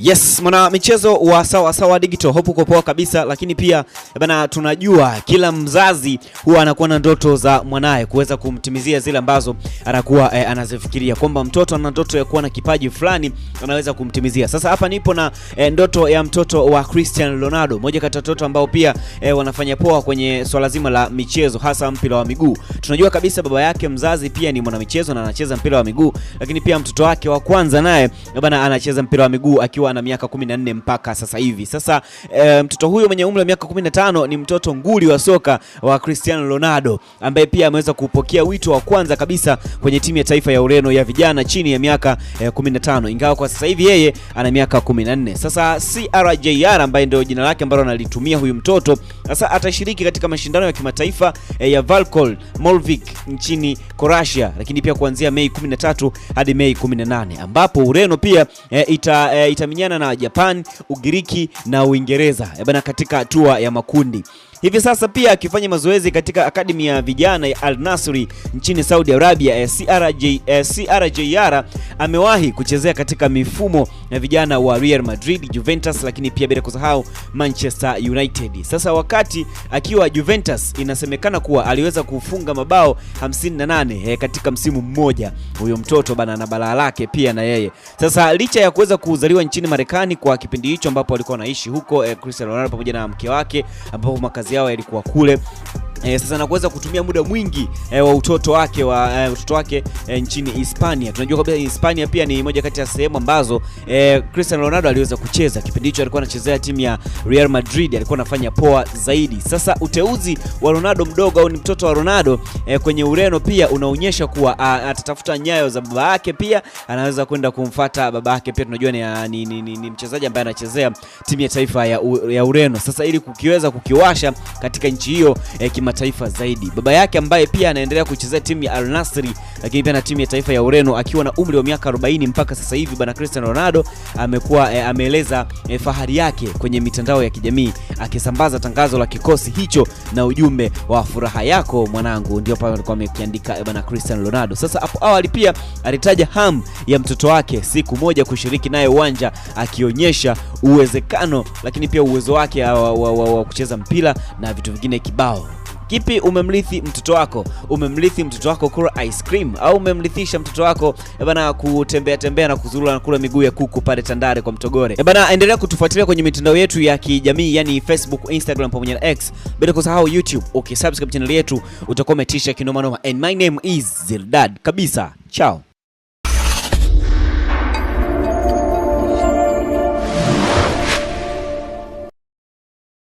Yes, mwana michezo wa sawa sawa digital, hope uko poa kabisa. Lakini pia bana, tunajua kila mzazi huwa anakuwa na ndoto za mwanaye kuweza kumtimizia zile ambazo anakuwa eh, anazifikiria kwamba mtoto ana ndoto ya kuwa na kipaji fulani anaweza kumtimizia. Sasa hapa nipo na eh, ndoto ya mtoto wa Cristiano Ronaldo, moja kati ya watoto ambao pia eh, wanafanya poa kwenye swala zima la michezo, hasa mpira wa miguu. Tunajua kabisa baba yake mzazi pia ni mwanamichezo na anacheza mpira wa miguu, lakini pia mtoto wake wa kwanza naye bana anacheza mpira wa miguu akiwa akiwa na miaka 14 mpaka sasa hivi. Sasa e, mtoto huyo mwenye umri wa miaka 15 ni mtoto nguli wa soka wa Cristiano Ronaldo ambaye pia ameweza kupokea wito wa kwanza kabisa kwenye timu ya taifa ya Ureno ya vijana chini ya miaka e, eh, 15 ingawa kwa sasa hivi yeye ana miaka 14. Sasa CRJR ambaye ndio jina lake ambalo analitumia huyu mtoto sasa atashiriki katika mashindano ya kimataifa e, ya Valkol Molvik nchini Croatia, lakini pia kuanzia Mei 13 hadi Mei 18 ambapo Ureno pia e, ita, e, ita watamenyana na Japan, Ugiriki na Uingereza eh, bana katika hatua ya makundi hivi sasa pia akifanya mazoezi katika akademi ya vijana ya Al Nasri nchini Saudi Arabia ya CRJ, eh, CRJR. Eh, amewahi kuchezea katika mifumo ya vijana wa Real Madrid, Juventus, lakini pia bila kusahau Manchester United. Sasa wakati akiwa Juventus, inasemekana kuwa aliweza kufunga mabao 58 eh, katika msimu mmoja. Huyo mtoto bana na balaa lake pia na yeye. Sasa licha ya kuweza kuzaliwa nchini Marekani kwa kipindi hicho ambapo alikuwa anaishi huko eh, Cristiano Ronaldo pamoja na mke wake ambapo makazi makazi yao yalikuwa kule E, sasa na kuweza kutumia muda mwingi e, wa utoto wake wa e, utoto wake e, nchini Hispania. Tunajua kabisa Hispania pia ni moja kati ya sehemu ambazo e, Cristiano Ronaldo aliweza kucheza. Kipindi hicho alikuwa anachezea timu ya Real Madrid, alikuwa anafanya poa zaidi. Sasa uteuzi wa Ronaldo mdogo au ni mtoto wa Ronaldo e, kwenye Ureno pia unaonyesha kuwa atatafuta nyayo za baba yake, pia anaweza kwenda kumfata baba yake. Pia tunajua ni, ni, ni, ni, ni mchezaji ambaye anachezea timu ya taifa ya, ya Ureno. Sasa ili kukiweza kukiwasha katika nchi hiyo e, kimataifa zaidi. Baba yake ambaye pia anaendelea kuchezea timu ya Al Nassr lakini pia na timu ya taifa ya Ureno akiwa na umri wa miaka 40 mpaka sasa hivi, bwana Cristiano Ronaldo amekuwa e, ameeleza e, fahari yake kwenye mitandao ya kijamii akisambaza tangazo la kikosi hicho na ujumbe wa furaha yako mwanangu, ndio pale alikuwa amekiandika eh, bwana Cristiano Ronaldo. Sasa hapo awali pia alitaja hamu ya mtoto wake siku moja kushiriki naye uwanja akionyesha uwezekano lakini pia uwezo wake ah, wa, wa, wa, wa kucheza mpira na vitu vingine kibao. Kipi umemlithi mtoto wako? Umemrithi mtoto wako kula ice cream au umemlithisha mtoto wako eh, bana kutembea tembea na kuzurura na kula miguu ya kuku pale tandare kwa Mtogore? Eh, bana endelea kutufuatilia kwenye mitandao yetu ya kijamii yani Facebook, Instagram pamoja na X, bila kusahau YouTube. Ukisubscribe okay, channel yetu utakuwa umetisha kinomanoma And my name is Zildad kabisa. Chao.